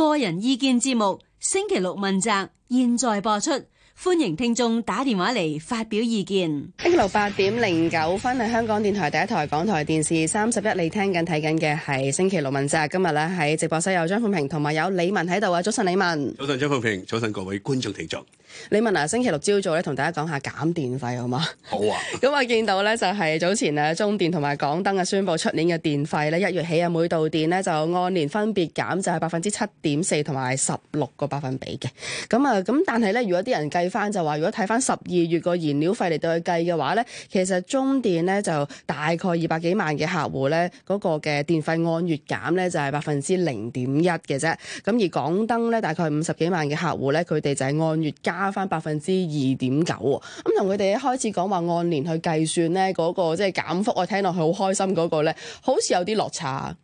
個人意見節目星期六問責，現在播出，歡迎聽眾打電話嚟發表意見。星期六八點零九分係香港電台第一台港台電視三十一，你聽緊睇緊嘅係星期六問責。今日咧喺直播室有張鳳平同埋有，有李文喺度啊！早晨李文，早晨張鳳平，早晨各位觀眾聽眾。你問下、啊、星期六朝早咧，同大家講下減電費好嗎？好啊！咁啊， 見到咧就係、是、早前啊，中電同埋港燈啊，宣布出年嘅電費咧，一月起啊，每度電咧就按年分別減就，就係百分之七點四同埋十六個百分比嘅。咁啊，咁但係咧，如果啲人計翻就話，如果睇翻十二月個燃料費嚟到去計嘅話咧，其實中電咧就大概二百幾萬嘅客戶咧，嗰個嘅電費按月減咧就係百分之零點一嘅啫。咁而港燈咧，大概五十幾萬嘅客戶咧，佢哋就係按月加。加翻百分之二點九喎，咁同佢哋一開始講話按年去計算咧，嗰個即係減幅，我聽落去好開心嗰個咧，好似有啲落差。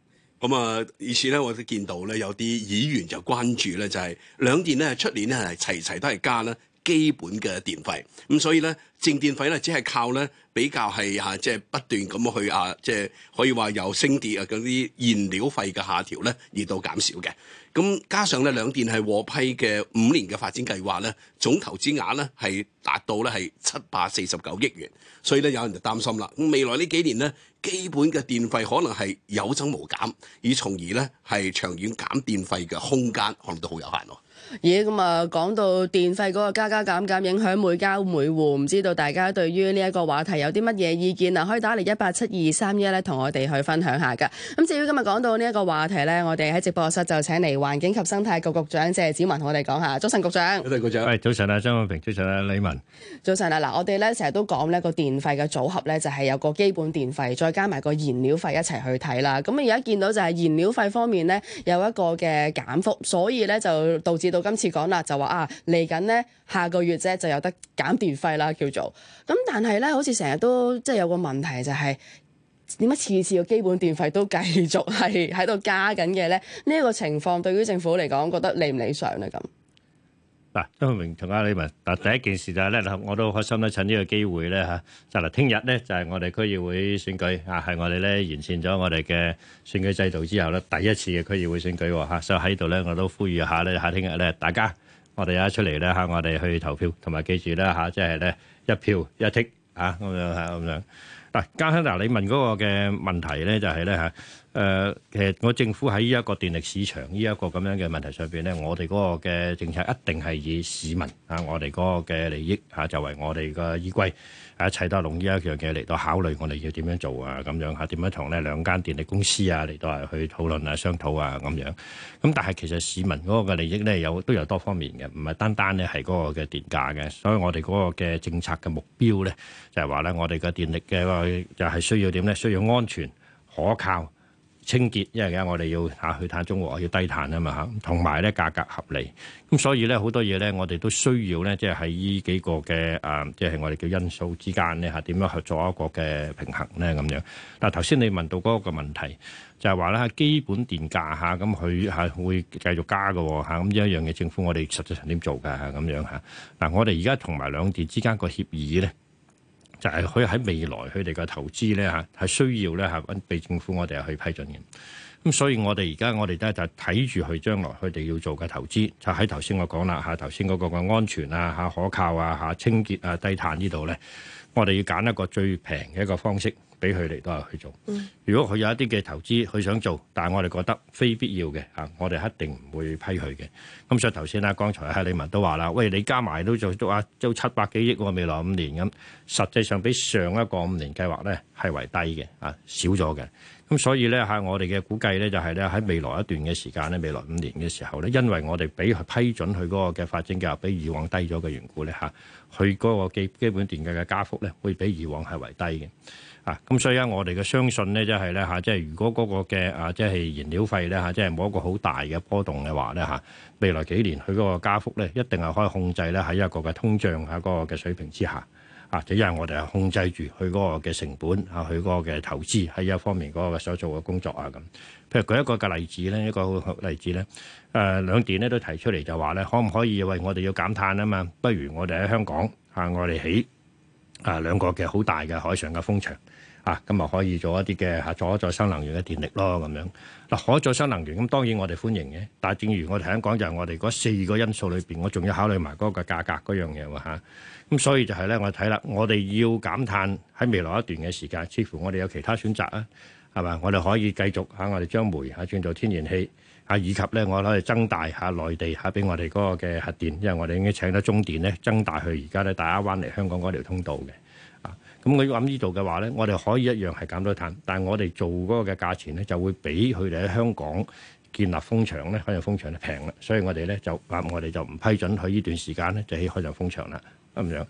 咁啊，因此咧，我都見到咧，有啲議員就關注咧，就係兩電咧，出年咧係齊齊都係加咧基本嘅電費，咁所以咧，正電費咧只係靠咧比較係吓，即係不斷咁去啊，即係可以話有升跌啊，嗰啲燃料費嘅下調咧而到減少嘅。咁加上咧，兩電係獲批嘅五年嘅發展計劃咧，總投資額咧係達到咧係七百四十九億元，所以咧，有人就擔心啦。未來呢幾年咧，基本嘅電費可能係有增無減，而從而咧係長遠減電費嘅空間可能都好有限咯。嘢咁啊，講、嗯、到電費嗰個加加減減影響每家每戶，唔知道大家對於呢一個話題有啲乜嘢意見啊？可以打嚟一八七二三一咧，同我哋去分享下噶。咁、嗯、至於今日講到呢一個話題咧，我哋喺直播室就請嚟環境及生態局局，局長謝展寰同我哋講下。早晨，局長。早晨，局長。早晨啊，張愛萍。早晨啊，李文。早晨啊，嗱，我哋咧成日都講呢個電費嘅組合咧，就係有個基本電費，再加埋個燃料費一齊去睇啦。咁而家見到就係燃料費方面咧有一個嘅減幅，所以咧就導致，到今次講啦，就話啊嚟緊呢下個月啫就有得減電費啦，叫做咁。但係呢，好似成日都即係有個問題、就係，就係點解次次個基本電費都繼續係喺度加緊嘅呢？呢、這、一個情況對於政府嚟講，覺得理唔理想呢？咁？嗱，張明同阿李文嗱，第一件事就係、是、咧，我都好開心咧，趁呢個機會咧嚇，就嗱，聽日咧就係我哋區議會選舉啊，係我哋咧完善咗我哋嘅選舉制度之後咧，第一次嘅區議會選舉喎嚇，所以喺度咧我都呼籲下咧，下聽日咧大家我哋一出嚟咧嚇，我哋去投票，同埋記住咧嚇，即係咧一票一剔嚇咁樣嚇咁樣嗱。家香嗱，你問嗰個嘅問題咧、就是，就係咧嚇。誒、呃、其實我政府喺呢一個電力市場呢一個咁樣嘅問題上邊咧，我哋嗰個嘅政策一定係以市民啊，我哋嗰個嘅利益嚇、啊、就為我哋嘅依歸啊，一齊都係用呢一樣嘢嚟到考慮，我哋要點樣做啊？咁、啊、樣嚇點樣同呢兩間電力公司啊嚟到係去討論啊、商討啊咁樣。咁但係其實市民嗰個嘅利益咧有都有多方面嘅，唔係單單咧係嗰個嘅電價嘅。所以我哋嗰個嘅政策嘅目標咧就係話咧，我哋嘅電力嘅就係需要點咧？需要安全可靠。清潔，因為而家我哋要吓去碳中和，要低碳啊嘛吓，同埋咧價格合理，咁所以咧好多嘢咧，我哋都需要咧，即係喺呢幾個嘅啊，即係我哋叫因素之間咧吓，點樣去做一個嘅平衡咧咁樣。但係頭先你問到嗰個問題，就係話咧基本電價吓，咁佢係會繼續加噶吓，咁呢一樣嘢，政府我哋實際上點做噶咁樣吓？嗱，我哋而家同埋兩地之間個協議咧。但係佢喺未來佢哋嘅投資咧嚇，係需要咧嚇，被政府我哋去批准嘅。咁所以我哋而家我哋都就睇住佢將來佢哋要做嘅投資，就喺頭先我講啦嚇，頭先嗰個嘅安全啊嚇、可靠啊嚇、清潔啊、低碳呢度咧，我哋要揀一個最平嘅一個方式。俾佢哋都係去做。如果佢有一啲嘅投資佢想做，但係我哋覺得非必要嘅嚇、啊，我哋一定唔會批佢嘅。咁、嗯、所以頭先啊，剛才啊李文都話啦，喂，你加埋都做足啊，都七百幾億未來五年咁、嗯，實際上比上一個五年計劃咧係為低嘅啊，少咗嘅。咁、啊、所以咧，喺、啊、我哋嘅估計咧，就係咧喺未來一段嘅時間咧，未來五年嘅時候咧，因為我哋俾批准佢嗰個嘅發展計劃比以往低咗嘅緣故咧嚇，佢嗰個基本電價嘅加幅咧會比以往係為低嘅。啊！咁所以咧、啊，我哋嘅相信咧，即係咧嚇，即係如果嗰個嘅啊，即係燃料費咧嚇、啊，即係冇一個好大嘅波動嘅話咧嚇、啊，未來幾年佢嗰個加幅咧一定係可以控制咧喺一個嘅通脹啊嗰個嘅水平之下啊，就因為我哋係控制住佢嗰個嘅成本啊，佢嗰個嘅投資喺一方面嗰個所做嘅工作啊咁。譬如舉一個嘅例子咧，一個例子咧，誒兩電咧都提出嚟就話咧，可唔可以喂、哎、我哋要減碳啊嘛？不如我哋喺香港嚇、啊，我哋起啊兩個嘅好大嘅海上嘅風場。啊，今日可以做一啲嘅嚇，可再生能源嘅電力咯，咁樣嗱，可再生能源咁當然我哋歡迎嘅，但係正如我哋喺度講，就係、是、我哋嗰四個因素裏邊，我仲要考慮埋嗰個價格嗰樣嘢喎嚇，咁所以就係咧，我睇啦，我哋要減碳喺未來一段嘅時間，似乎我哋有其他選擇啊，係嘛？我哋可以繼續嚇、啊，我哋將煤嚇、啊、轉做天然氣，啊以及咧，我攞嚟增大下內地嚇俾、啊、我哋嗰個嘅核電，因為我哋已經請咗中電咧增大去而家咧大亞灣嚟香港嗰條通道嘅。咁佢要諗呢度嘅話咧，我哋可以一樣係減到碳，但係我哋做嗰個嘅價錢咧就會比佢哋喺香港建立風場咧海上風場就平啦，所以我哋咧就話我哋就唔批准佢呢段時間咧就喺海上風場啦咁樣。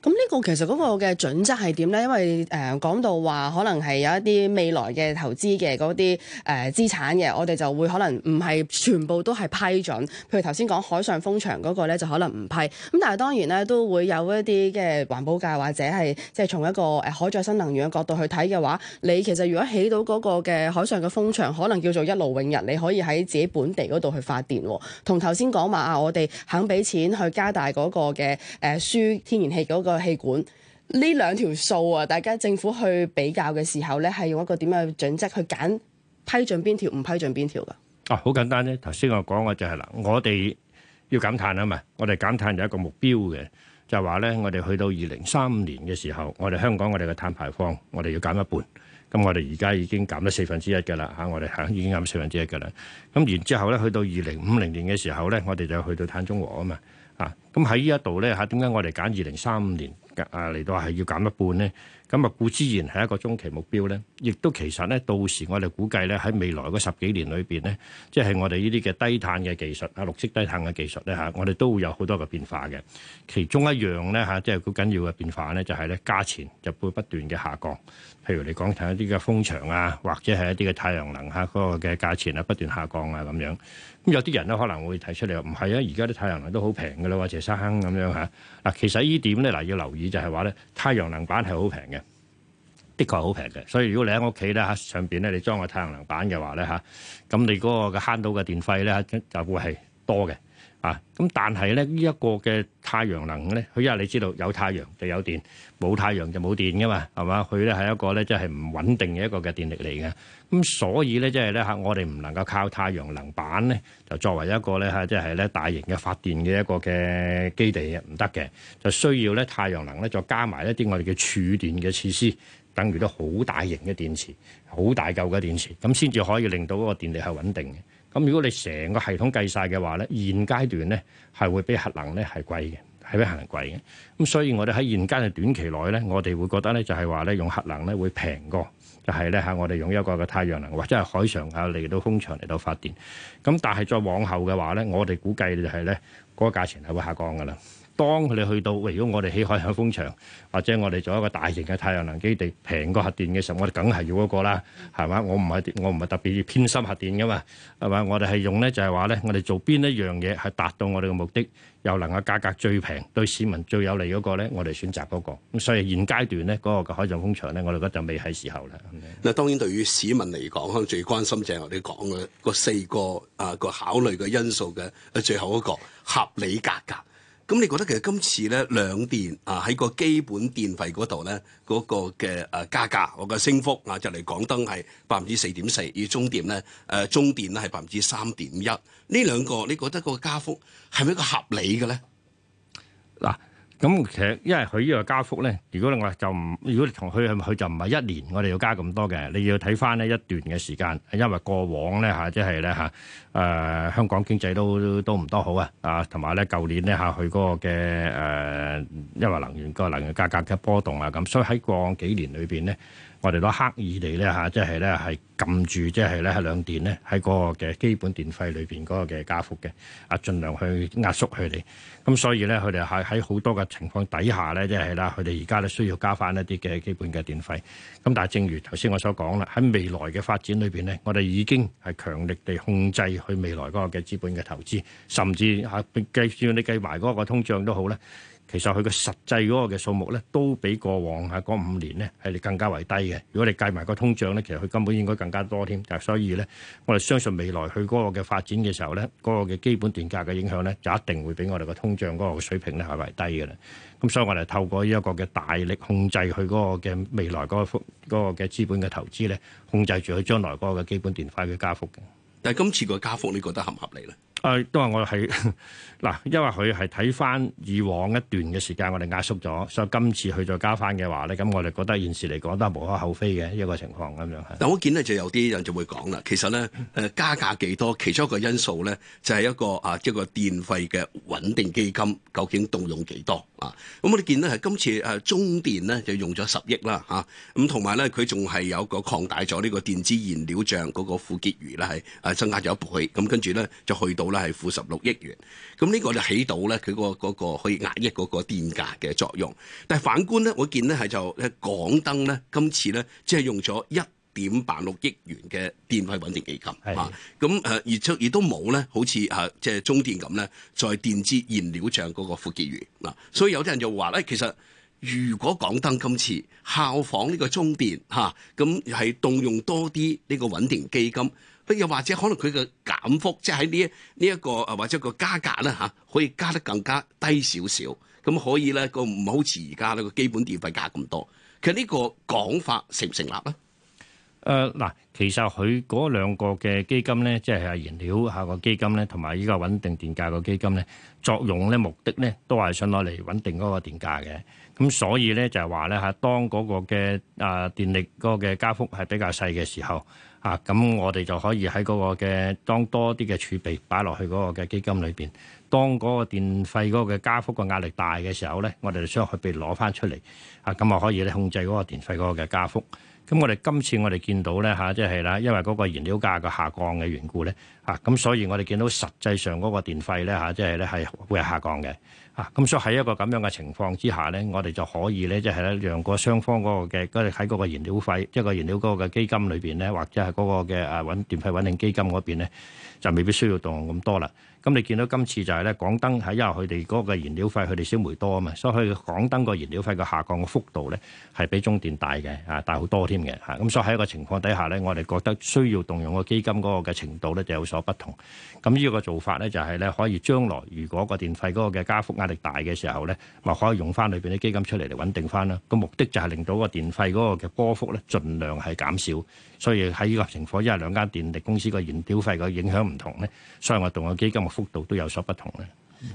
咁呢個其實嗰個嘅準則係點咧？因為誒講、呃、到話可能係有一啲未來嘅投資嘅嗰啲誒資產嘅，我哋就會可能唔係全部都係批准。譬如頭先講海上風場嗰個咧，就可能唔批。咁但係當然咧都會有一啲嘅環保界或者係即係從一個誒可再生能源嘅角度去睇嘅話，你其實如果起到嗰個嘅海上嘅風場可能叫做一勞永逸，你可以喺自己本地嗰度去發電，哦、同頭先講話啊，我哋肯俾錢去加大嗰個嘅誒輸天然氣嗰。個氣管呢兩條數啊，大家政府去比較嘅時候咧，係用一個點樣嘅準則去揀批准邊條，唔批准邊條噶？啊，好簡單咧。頭先我講嘅就係、是、啦，我哋要減碳啊嘛，我哋減碳有一個目標嘅，就話、是、咧，我哋去到二零三五年嘅時候，我哋香港我哋嘅碳排放，我哋要減一半。咁我哋而家已經減咗四分之一噶啦吓，我哋吓已經減咗四分之一噶啦。咁然之後咧，去到二零五零年嘅時候咧，我哋就去到碳中和啊嘛。啊，咁喺呢一度咧，嚇點解我哋揀二零三五年啊嚟到係要減一半咧？咁啊，固之然係一個中期目標咧，亦都其實咧，到時我哋估計咧，喺未來嗰十幾年裏邊咧，即係我哋呢啲嘅低碳嘅技術啊，綠色低碳嘅技術咧嚇、啊，我哋都會有好多嘅變化嘅。其中一樣咧嚇，即係好緊要嘅變化咧，就係咧價錢就會不斷嘅下降。譬如你講，睇一啲嘅風場啊，或者係一啲嘅太陽能嚇嗰個嘅價錢啊，不斷下降啊咁樣。咁有啲人咧，可能會提出嚟，唔係啊！而家啲太陽能都好平㗎喇，或者生咁樣嚇。嗱，其實點呢點咧，嗱要留意就係話咧，太陽能板係好平嘅，的確係好平嘅。所以如果你喺屋企咧嚇上邊咧，你裝個太陽能板嘅話咧嚇，咁你嗰個嘅慳到嘅電費咧，就會係多嘅。啊，咁但係咧呢一個嘅太陽能咧，佢因為你知道有太陽就有電，冇太陽就冇電噶嘛，係嘛？佢咧係一個咧即係唔穩定嘅一個嘅電力嚟嘅。咁所以咧即係咧嚇，即係、我哋唔能夠靠太陽能板咧，就作為一個咧嚇即係咧大型嘅發電嘅一個嘅基地啊，唔得嘅，就需要咧太陽能咧再加埋一啲我哋嘅儲電嘅設施，等於都好大型嘅電池，好大嚿嘅電池，咁先至可以令到嗰個電力係穩定嘅。咁如果你成個系統計晒嘅話咧，現階段咧係會比核能咧係貴嘅，係比核能貴嘅。咁所以我哋喺現階段嘅短期內咧，我哋會覺得咧就係話咧用核能咧會平過，就係咧嚇我哋用一個嘅太陽能或者係海上啊嚟到風場嚟到發電。咁但係再往後嘅話咧，我哋估計就係咧嗰個價錢係會下降㗎喇。當你去到喂，如果我哋起海上風場，或者我哋做一個大型嘅太陽能基地，平過核電嘅時候，我哋梗係要嗰個啦，係嘛？我唔係我唔係特別偏心核電噶嘛，係嘛？我哋係用咧就係話咧，我哋做邊一樣嘢係達到我哋嘅目的，又能夠價格最平，對市民最有利嗰個咧，我哋選擇嗰個。咁所以現階段咧，嗰個嘅海上風場咧，我哋覺得就未係時候啦。嗱，當然對於市民嚟講，最關心就係我哋講嘅四個啊個考慮嘅因素嘅最後一個合理價格,格。咁你覺得其實今次咧兩電啊喺個基本電費嗰度咧嗰個嘅誒加價，嗰個升幅啊就嚟港燈係百分之四點四，而中電咧誒中電咧係百分之三點一，呢兩個你覺得個加幅係咪一個合理嘅咧？嗱。咁其實，因為佢呢個加幅咧，如果你話就唔，如果你同佢佢就唔係一年，我哋要加咁多嘅，你要睇翻咧一段嘅時間。因為過往咧嚇，即係咧嚇，誒、呃、香港經濟都都唔多好啊，啊同埋咧舊年咧嚇，佢嗰個嘅誒，因為能源個能源價格嘅波動啊咁，所以喺過往幾年裏邊咧。我哋都刻意嚟咧嚇，即係咧係撳住，即係咧喺兩電咧喺嗰個嘅基本電費裏邊嗰個嘅加幅嘅，啊，儘量去壓縮佢哋。咁所以咧，佢哋喺喺好多嘅情況底下咧，即係啦，佢哋而家咧需要加返一啲嘅基本嘅電費。咁但係正如頭先我所講啦，喺未來嘅發展裏邊咧，我哋已經係強力地控制去未來嗰個嘅資本嘅投資，甚至啊計算你計埋嗰個通脹都好啦。其實佢個實際嗰個嘅數目咧，都比過往嚇嗰五年呢係你更加為低嘅。如果你計埋個通脹咧，其實佢根本應該更加多添。但係所以咧，我哋相信未來佢嗰個嘅發展嘅時候咧，嗰個嘅基本電價嘅影響咧，就一定會比我哋個通脹嗰個水平咧係為低嘅啦。咁所以我哋透過一個嘅大力控制佢嗰個嘅未來嗰個幅嘅資本嘅投資咧，控制住佢將來嗰個嘅基本電費嘅加幅嘅。但係今次個加幅你覺得合唔合理咧？啊、呃，都話我哋係嗱，因為佢係睇翻以往一段嘅時間，我哋壓縮咗，所以今次佢再加翻嘅話咧，咁我哋覺得現時嚟講都係無可厚非嘅一個情況咁樣。但我見咧就有啲人就會講啦，其實咧誒加價幾多，其中一個因素咧就係、是、一個啊，即係個電費嘅穩定基金究竟動用幾多啊？咁我哋見到係今次誒中電咧就用咗十億啦嚇，咁同埋咧佢仲係有，有個擴大咗呢個電子燃料賬嗰個負結餘啦，係、啊、增加咗一倍。咁跟住咧就去到。啦，係負十六億元，咁、嗯、呢、這個就起到咧佢、那個嗰、那個可以壓抑嗰個電價嘅作用。但係反觀咧，我見咧係就誒港燈咧，今次咧即係用咗一點八六億元嘅電費穩定基金的啊。咁誒，亦都亦都冇咧，好似啊即係中電咁咧，再電子燃料帳嗰個負結餘、啊、所以有啲人就話咧、哎，其實如果港燈今次效仿呢個中電嚇，咁、啊、係動用多啲呢個穩定基金。又或者可能佢嘅減幅，即係喺呢一呢一個啊，或者個加價咧嚇、啊，可以加得更加低少少，咁可以咧個唔好似而家呢個基本電費價咁多。其實呢個講法成唔成立咧？誒嗱、呃，其實佢嗰兩個嘅基金咧，即係係燃料下個基金咧，同埋依個穩定電價個基金咧，作用咧、目的咧，都係想攞嚟穩定嗰個電價嘅。咁所以咧就係話咧嚇，當嗰個嘅啊電力嗰個嘅加幅係比較細嘅時候。啊，咁我哋就可以喺嗰個嘅當多啲嘅儲備擺落去嗰個嘅基金裏邊，當嗰個電費嗰個加幅嘅壓力大嘅時候咧，我哋就將佢被攞返出嚟，啊，咁啊可以咧控制嗰個電費嗰個嘅加幅。咁、啊、我哋今次我哋見到咧嚇，即係啦，就是、因為嗰個燃料價嘅下降嘅緣故咧，啊，咁所以我哋見到實際上嗰個電費咧嚇，即係咧係會下降嘅。咁、啊、所以喺一個咁樣嘅情況之下咧，我哋就可以咧，即係咧讓過雙方嗰個嘅嗰啲喺嗰個燃料費，即、就、係、是、個燃料嗰個嘅基金裏邊咧，或者係嗰個嘅誒穩電費穩定基金嗰邊咧，就未必需要動用咁多啦。咁、嗯、你見到今次就係、是、咧，港燈係因為佢哋嗰個燃料費佢哋燒煤多啊嘛，所以佢港燈個燃料費個下降嘅幅度咧係比中電大嘅，啊大好多添嘅，嚇、啊、咁所以喺一個情況底下咧，我哋覺得需要動用個基金嗰個嘅程度咧就有所不同。咁、嗯、呢、這個做法咧就係、是、咧可以將來如果個電費嗰個嘅加幅壓力大嘅時候咧，咪可以用翻裏邊啲基金出嚟嚟穩定翻啦。個、啊、目的就係令到個電費嗰個嘅波幅咧儘量係減少。所以喺呢個情況下，因為兩間電力公司個燃料費個影響唔同咧，所以我動用基金。幅度都有所不同咧。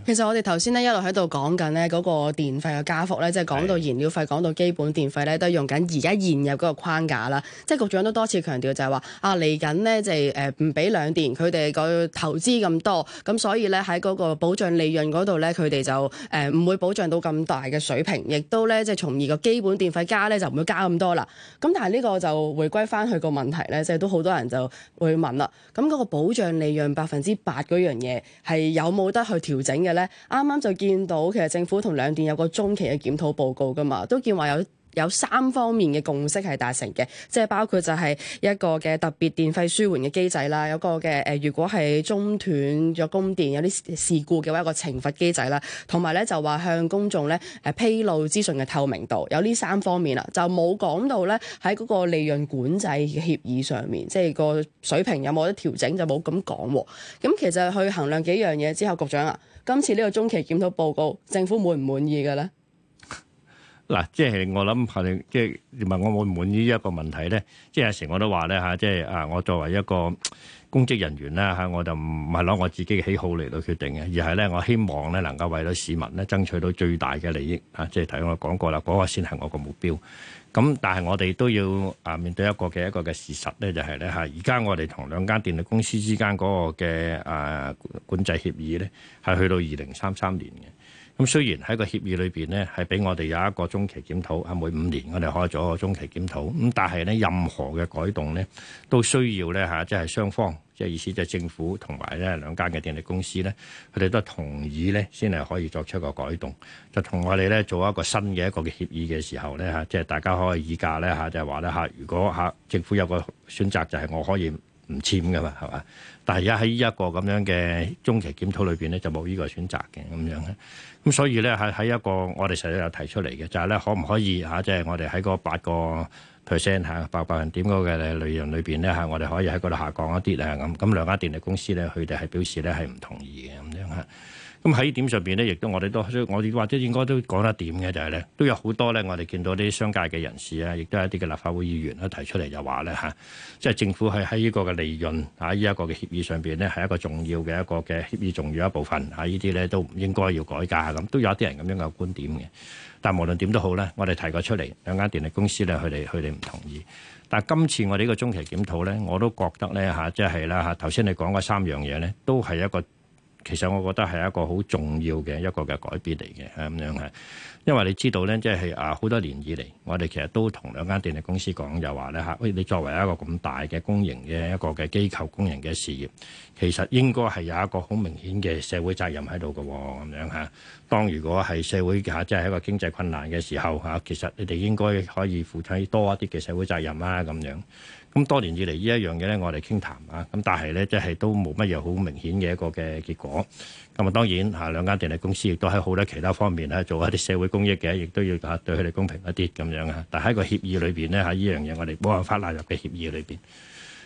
其實我哋頭先咧一路喺度講緊咧嗰個電費嘅加幅咧，即係講到燃料費，講到基本電費咧，都用緊而家現有嗰個框架啦。即係局長都多次強調就係話啊，嚟緊呢，就係誒唔俾兩電，佢哋個投資咁多，咁所以咧喺嗰個保障利潤嗰度咧，佢哋就誒唔會保障到咁大嘅水平，亦都咧即係從而個基本電費加咧就唔會加咁多啦。咁但係呢個就回歸翻去個問題咧，即係都好多人就會問啦。咁嗰個保障利潤百分之八嗰樣嘢係有冇得去調整？咁嘅咧，啱啱就見到其實政府同兩電有個中期嘅檢討報告㗎嘛，都見話有。有三方面嘅共識係達成嘅，即係包括就係一個嘅特別電費舒緩嘅機制啦，有個嘅誒、呃，如果係中斷咗供電有啲事故嘅話，一個懲罰機制啦，同埋咧就話向公眾咧誒、呃、披露資訊嘅透明度，有呢三方面啦，就冇講到咧喺嗰個利潤管制嘅協議上面，即係個水平有冇得調整就冇咁講喎。咁其實去衡量幾樣嘢之後，局長啊，今次呢個中期檢討報告，政府滿唔滿意嘅咧？嗱，即係我諗係即係問我滿唔滿意一個問題咧，即係有時我都話咧吓，即係啊，我作為一個公職人員啦吓，我就唔係攞我自己嘅喜好嚟到決定嘅，而係咧我希望咧能夠為到市民咧爭取到最大嘅利益啊！即係頭先我講過啦，嗰個先係我個目標。咁但係我哋都要啊面對一個嘅一個嘅事實咧，就係咧吓，而家我哋同兩間電力公司之間嗰個嘅啊管制協議咧，係去到二零三三年嘅。咁雖然喺個協議裏邊咧，係俾我哋有一個中期檢討，喺每五年我哋開咗個中期檢討。咁但係咧，任何嘅改動咧，都需要咧嚇，即係雙方，即係意思即係政府同埋咧兩間嘅電力公司咧，佢哋都同意咧先係可以作出一個改動。就同我哋咧做一個新嘅一個協議嘅時候咧嚇，即係大家可以議價咧嚇，就係話咧嚇，如果嚇政府有個選擇，就係我可以唔簽噶嘛，係嘛？但係而家喺呢一個咁樣嘅中期檢討裏邊咧，就冇呢個選擇嘅咁樣咧。咁所以咧，喺喺一個我哋實質有提出嚟嘅，就係、是、咧可唔可以嚇，即係我哋喺嗰八個 percent 嚇八百分點嗰個嘅利潤裏邊咧嚇，我哋可以喺嗰度下降一啲啊咁，咁兩間電力公司咧，佢哋係表示咧係唔同意嘅咁樣嚇。啊咁喺呢點上邊咧，亦都我哋都我哋或者應該都講得點嘅，就係、是、咧都有好多咧，我哋見到啲商界嘅人士啊，亦都有一啲嘅立法會議員咧提出嚟就話咧嚇，即、啊、係、就是、政府喺喺呢個嘅利潤喺呢一個嘅協議上邊咧，係一個重要嘅一個嘅協議重要一部分喺、啊、呢啲咧都唔應該要改革咁、啊，都有一啲人咁樣嘅觀點嘅。但無論點都好咧，我哋提過出嚟，兩間電力公司咧，佢哋佢哋唔同意。但係今次我哋呢個中期檢討咧，我都覺得咧嚇、啊，即係啦嚇，頭、啊、先你講嘅三樣嘢咧，都係一個。其實我覺得係一個好重要嘅一個嘅改變嚟嘅嚇，咁樣嚇，因為你知道咧，即係啊好多年以嚟，我哋其實都同兩間電力公司講就話咧嚇，喂、哎、你作為一個咁大嘅公營嘅一個嘅機構，公營嘅事業，其實應該係有一個好明顯嘅社會責任喺度㗎喎，咁樣嚇。當如果係社會嚇即係一個經濟困難嘅時候嚇，其實你哋應該可以負起多一啲嘅社會責任啦。咁樣。咁多年以嚟，呢一樣嘢咧，我哋傾談啊。咁但係咧，即係都冇乜嘢好明顯嘅一個嘅結果。咁啊，當然嚇兩間電力公司亦都喺好多其他方面咧做一啲社會公益嘅，亦都要嚇對佢哋公平一啲咁樣啊。但係喺個協議裏邊咧，喺呢樣嘢我哋冇辦法納入嘅協議裏邊。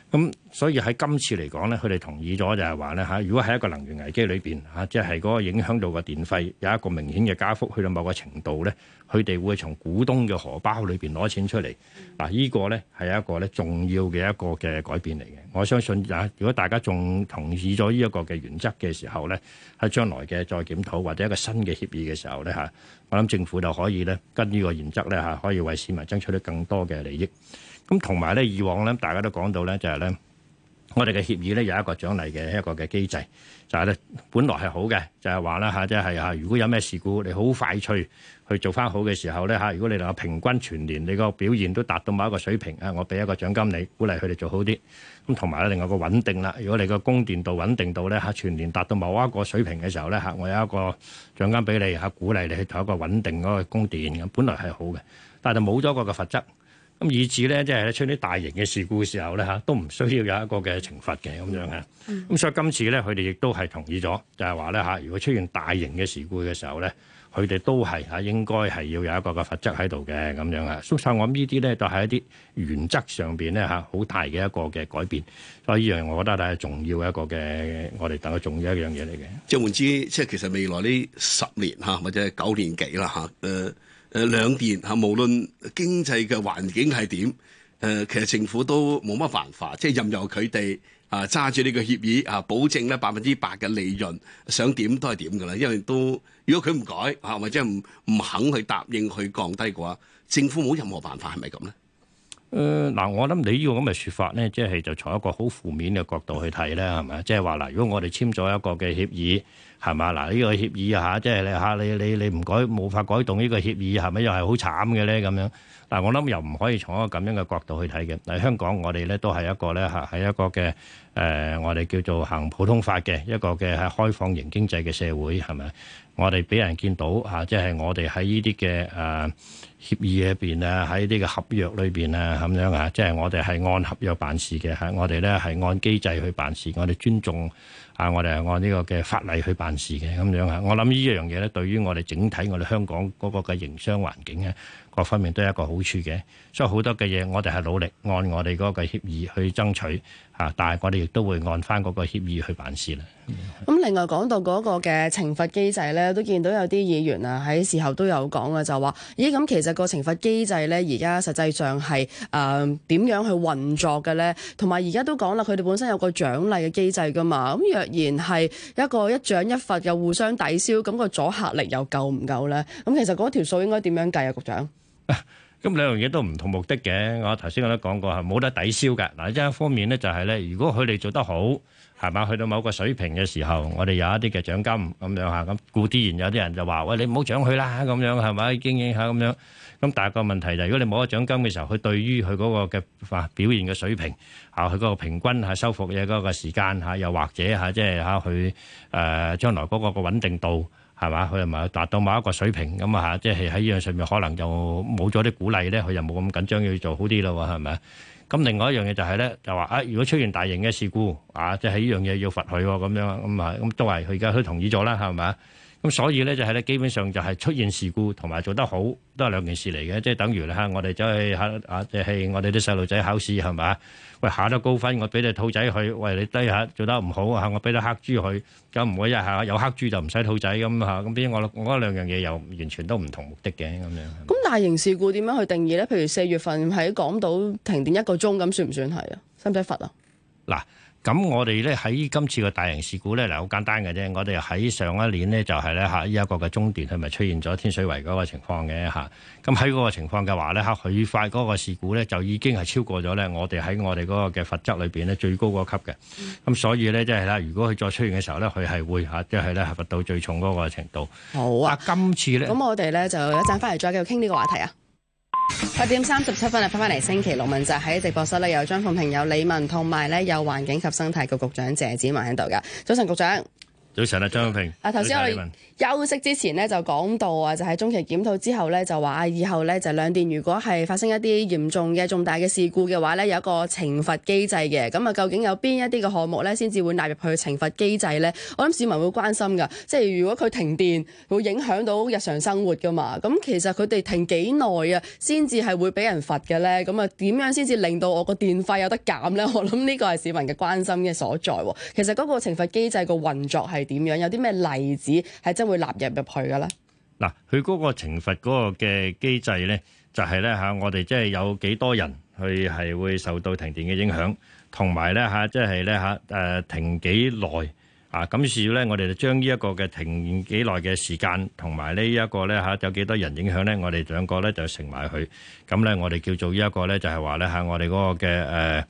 咁、嗯、所以喺今次嚟講咧，佢哋同意咗就係話咧吓，如果喺一個能源危機裏邊，吓、啊，即係嗰個影響到個電費有一個明顯嘅加幅，去到某個程度咧，佢哋會從股東嘅荷包裏邊攞錢出嚟。嗱、啊，依個咧係一個咧重要嘅一個嘅改變嚟嘅。我相信啊，如果大家仲同意咗呢一個嘅原則嘅時候咧，喺將來嘅再檢討或者一個新嘅協議嘅時候咧吓、啊，我諗政府就可以咧跟呢個原則咧吓，可以為市民爭取到更多嘅利益。咁同埋咧，以往咧，大家都講到咧，就係咧，我哋嘅協議咧有一個獎勵嘅一個嘅機制，就係咧，本來係好嘅，就係話咧嚇，即係嚇，如果有咩事故，你好快脆去做翻好嘅時候咧嚇，如果你能夠平均全年你個表現都達到某一個水平啊，我俾一個獎金你，鼓勵佢哋做好啲。咁同埋咧，另外個穩定啦，如果你個供電度穩定到咧嚇，全年達到某一個水平嘅時候咧嚇，我有一個獎金俾你嚇，鼓勵你去做一個穩定嗰個供電。咁本來係好嘅，但係冇咗個嘅罰則。咁以致咧，即係出啲大型嘅事故嘅時候咧嚇，都唔需要有一個嘅懲罰嘅咁樣啊。咁、嗯、所以今次咧，佢哋亦都係同意咗，就係話咧嚇，如果出現大型嘅事故嘅時候咧，佢哋都係嚇應該係要有一個嘅罰則喺度嘅咁樣啊。所以我諗呢啲咧，就係一啲原則上邊咧嚇，好大嘅一個嘅改變。所以呢樣我覺得係重要一個嘅，我哋等於重要一樣嘢嚟嘅。即係換之，即係其實未來呢十年嚇，或者係九年幾啦嚇，誒、呃。兩電嚇，無論經濟嘅環境係點？誒，其實政府都冇乜辦法，即係任由佢哋啊揸住呢個協議啊，保證咧百分之百嘅利潤，想點都係點㗎啦。因為都如果佢唔改啊，或者唔唔肯去答應去降低嘅話，政府冇任何辦法，係咪咁咧？誒嗱、呃，我諗你依個咁嘅說法咧，即係就從一個好負面嘅角度去睇咧，係咪？即係話嗱，如果我哋簽咗一個嘅協議，係嘛？嗱，呢個協議啊，嚇，即係你嚇，你你你唔改，冇法改動呢個協議，係咪、這個啊、又係好慘嘅咧？咁樣嗱，但我諗又唔可以從一個咁樣嘅角度去睇嘅。喺香港我呢呢、呃，我哋咧都係一個咧嚇，係一個嘅誒，我哋叫做行普通法嘅一個嘅係開放型經濟嘅社會，係咪？我哋俾人見到啊，即係我哋喺呢啲嘅誒。呃協議裏邊啊，喺呢個合約裏邊啊，咁樣啊，即係我哋係按合約辦事嘅，嚇，我哋咧係按機制去辦事，我哋尊重啊，我哋係按呢個嘅法例去辦事嘅，咁樣啊，我諗呢一樣嘢咧，對於我哋整體我哋香港嗰個嘅營商環境咧，各方面都係一個好處嘅，所以好多嘅嘢我哋係努力按我哋嗰個協議去爭取。啊！但係我哋亦都會按翻嗰個協議去辦事啦。咁、嗯、另外講到嗰個嘅懲罰機制呢都見到有啲議員啊喺時候都有講啊，就話：咦咁其實個懲罰機制呢，而家實際上係誒點樣去運作嘅呢？同埋而家都講啦，佢哋本身有個獎勵嘅機制噶嘛。咁若然係一個一獎一罰又互相抵消，咁個阻嚇力又夠唔夠呢？咁其實嗰條數應該點樣計啊？局長？啊。咁兩樣嘢都唔同目的嘅，我頭先我都講過係冇得抵消嘅。嗱，即係一方面咧就係咧，如果佢哋做得好，係嘛，去到某個水平嘅時候，我哋有一啲嘅獎金咁樣嚇，咁固然有啲人就話喂你唔好獎佢啦，咁樣係咪，經營下咁樣。咁但係個問題就係，如果你冇咗獎金嘅時候，佢對於佢嗰個嘅表現嘅水平嚇，佢嗰個平均嚇修復嘅嗰個時間嚇，又或者嚇即係嚇佢誒將來嗰個嘅穩定度。係嘛？佢又咪達到某一個水平咁、嗯、啊？即係喺呢樣上面可能就冇咗啲鼓勵咧，佢又冇咁緊張要做好啲咯，係咪？咁另外一樣嘢就係、是、咧，就話啊，如果出現大型嘅事故啊，即係呢樣嘢要罰佢咁樣，咁、嗯、啊，咁都係佢而家都同意咗啦，係咪啊？咁所以咧就係咧，基本上就係出現事故同埋做得好都係兩件事嚟嘅，即係等於吓我哋走去吓啊，即係我哋啲細路仔考試係咪，喂考得高分我俾你兔仔去，喂你低下做得唔好吓我俾你黑豬去，咁唔會一下有黑豬就唔使兔仔咁吓，咁邊我我兩樣嘢又完全都唔同目的嘅咁樣。咁大型事故點樣去定義咧？譬如四月份喺港島停電一個鐘，咁算唔算係啊？使唔使罰啊？嗱。咁我哋咧喺今次個大型事故咧，嗱好簡單嘅啫。我哋喺上一年呢，就係咧嚇呢一個嘅中段係咪出現咗天水圍嗰，啊、個情況嘅嚇。咁喺嗰個情況嘅話咧嚇，佢快嗰個事故咧就已經係超過咗咧我哋喺我哋嗰個嘅罰則裏邊咧最高嗰級嘅。咁，啊、所以咧即係啦，如果佢再出現嘅時候咧，佢係會嚇即係咧罰到最重嗰個程度。好啊！今次咧咁我哋咧就一陣翻嚟再繼續傾呢個話題啊。八點三十七分啊，返返嚟星期六問責喺直播室咧，有張鳳平、有李文，同埋咧有環境及生態局局長謝展寰喺度噶。早晨，局長。早晨啊，張平。啊早晨，頭先我哋休息之前咧就講到啊，就係中期檢討之後咧就話啊，以後咧就兩電如果係發生一啲嚴重嘅重大嘅事故嘅話咧，有一個懲罰機制嘅。咁啊，究竟有邊一啲嘅項目咧先至會納入去懲罰機制咧？我諗市民會關心㗎。即係如果佢停電會影響到日常生活㗎嘛？咁其實佢哋停幾耐啊，先至係會俾人罰嘅咧？咁啊，點樣先至令到我個電費有得減咧？我諗呢個係市民嘅關心嘅所在喎。其實嗰個懲罰機制個運作係。點樣有啲咩例子係真會納入入去嘅咧？嗱，佢嗰個懲罰嗰個嘅機制咧，就係咧嚇，我哋即係有幾多人佢係會受到停電嘅影響，同埋咧嚇，即係咧嚇誒停幾耐啊，咁是要咧，我哋就將呢一個嘅停幾耐嘅時間，同埋呢一個咧嚇有幾多人影響咧，我哋兩個咧就乘埋佢。咁咧，我哋叫做呢一個咧，就係話咧嚇，我哋嗰個嘅誒。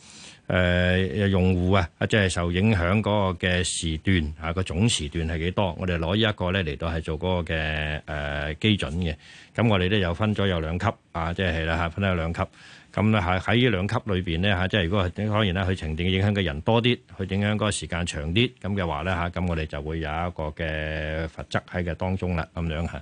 誒用戶啊，即係受影響嗰個嘅時段嚇個總時段係幾多？我哋攞呢一個咧嚟到係做嗰個嘅誒基準嘅。咁我哋咧又分咗有兩級啊，即係啦嚇分咗有兩級。咁咧喺喺呢兩級裏邊咧嚇，即係如果當然啦，佢停電影響嘅人多啲，佢影響嗰個時間長啲咁嘅話咧嚇，咁我哋就會有一個嘅罰則喺佢當中啦，咁樣嚇。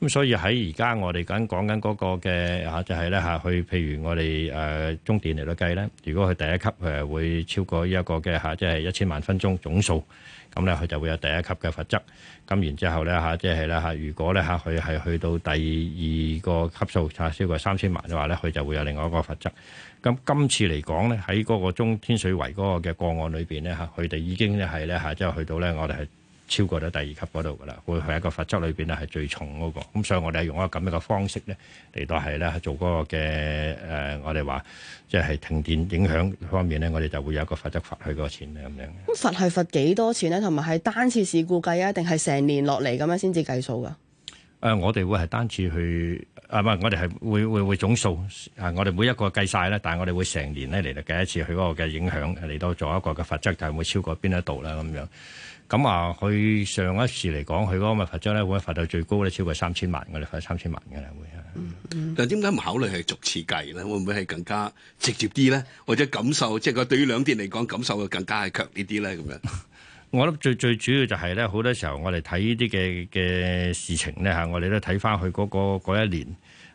咁所以喺而家我哋緊講緊嗰個嘅嚇，就係咧嚇，佢譬如我哋誒中電嚟到計咧，如果佢第一級係會超過一個嘅嚇，即係一千萬分鐘總數，咁咧佢就會有第一級嘅罰則。咁然之後咧嚇，即係咧嚇，如果咧嚇佢係去到第二個級數，嚇超過三千萬嘅話咧，佢就會有另外一個罰則。咁今次嚟講咧，喺嗰個中天水圍嗰個嘅個案裏邊咧嚇，佢哋已經咧係咧嚇，即係去到咧我哋係，超過咗第二級嗰度噶啦，會係一個罰則裏邊咧係最重嗰、那個。咁所以我哋係用一個咁樣嘅方式咧嚟到係咧做嗰個嘅誒、呃，我哋話即係停電影響方面咧，我哋就會有一個罰則罰去個錢咧咁樣。咁罰係罰幾多錢咧？同埋係單次事故計啊，定係成年落嚟咁樣先至計數噶？誒、呃，我哋會係單次去啊，唔係我哋係會會會總數啊。我哋每一個計晒咧，但係我哋會成年咧嚟到計一次，佢嗰個嘅影響嚟到做一個嘅罰則，但係會超過邊一度咧咁樣。咁啊，佢上一次嚟講，佢嗰個物發張咧，會發到最高咧，超過三千萬嘅咧，發三千萬嘅咧會。嗯，但係點解唔考慮係逐次計咧？會唔會係更加直接啲咧？或者感受，即係個對於兩電嚟講，感受會更加係強啲啲咧？咁樣，我覺得最最主要就係咧，好多時候我哋睇呢啲嘅嘅事情咧嚇，我哋都睇翻佢嗰個嗰一年。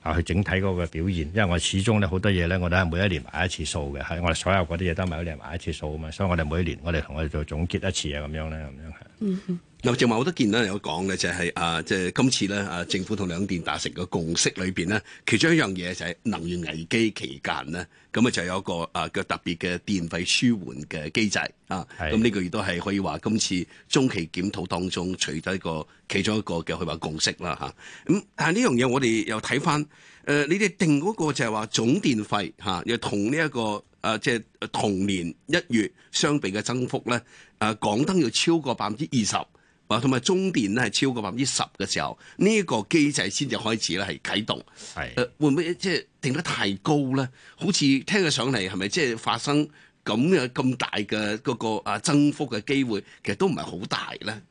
啊！去整體嗰個表現，因為我始終咧好多嘢咧，我都係每一年埋一次數嘅，係我哋所有嗰啲嘢都係每一年埋一次數啊嘛，所以我哋每一年我哋同我哋做總結一次啊，咁樣咧，咁樣係。嗱，正話我都見到有講咧，就係、是、啊，即、就、係、是、今次咧啊，政府同兩電達成個共識裏邊咧，其中一樣嘢就係能源危機期間咧，咁啊就有一個啊叫特別嘅電費舒緩嘅機制啊，咁呢的個亦都係可以話今次中期檢討當中，取得一個其中一個嘅佢話共識啦嚇，咁、啊、但係呢樣嘢我哋又睇翻，誒、啊、你哋定嗰個就係話總電費嚇，又同呢一個啊即係、就是、同年一月相比嘅增幅咧，啊港燈要超過百分之二十。啊，同埋中電咧係超過百分之十嘅時候，呢一個機制先至開始咧係啟動。係誒，會唔會即係定得太高咧？好似聽得上嚟係咪即係發生咁樣咁大嘅嗰個啊增幅嘅機會，其實都唔係好大咧。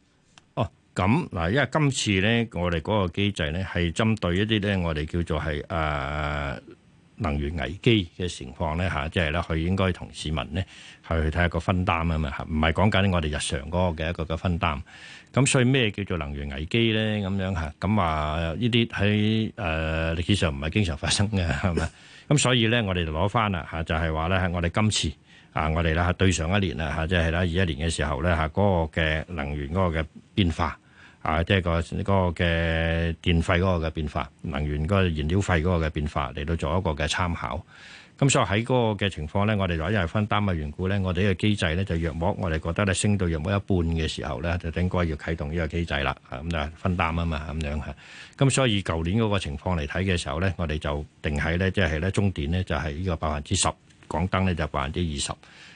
哦，咁嗱，因為今次咧，我哋嗰個機制咧係針對一啲咧，我哋叫做係啊能源危機嘅情況咧嚇，即係咧佢應該同市民咧去睇下個分擔啊嘛嚇，唔係講緊我哋日常嗰個嘅一個嘅分擔。咁所以咩叫做能源危機咧？咁樣嚇、啊，咁話呢啲喺誒歷史上唔係經常發生嘅，係咪？咁 所以咧，我哋就攞翻啦嚇，就係話咧，喺我哋今次啊，我哋咧對上一年啊，即係咧二一年嘅時候咧嚇，嗰、嗰個嘅能源嗰個嘅變化啊，即、就、係、係、個嗰個嘅電費嗰個嘅變化，能源嗰個燃料費嗰個嘅變化嚟到做一個嘅參考。咁所以喺嗰個嘅情況咧，我哋就因為分擔嘅緣故咧，我哋嘅機制咧就約莫，我哋覺得咧升到約莫一半嘅時候咧，就應該要啟動呢個機制啦。咁就分擔啊嘛，咁樣嚇。咁所以舊年嗰個情況嚟睇嘅時候咧，我哋就定喺咧，即係咧中電咧就係呢個百分之十，港燈咧就百分之二十。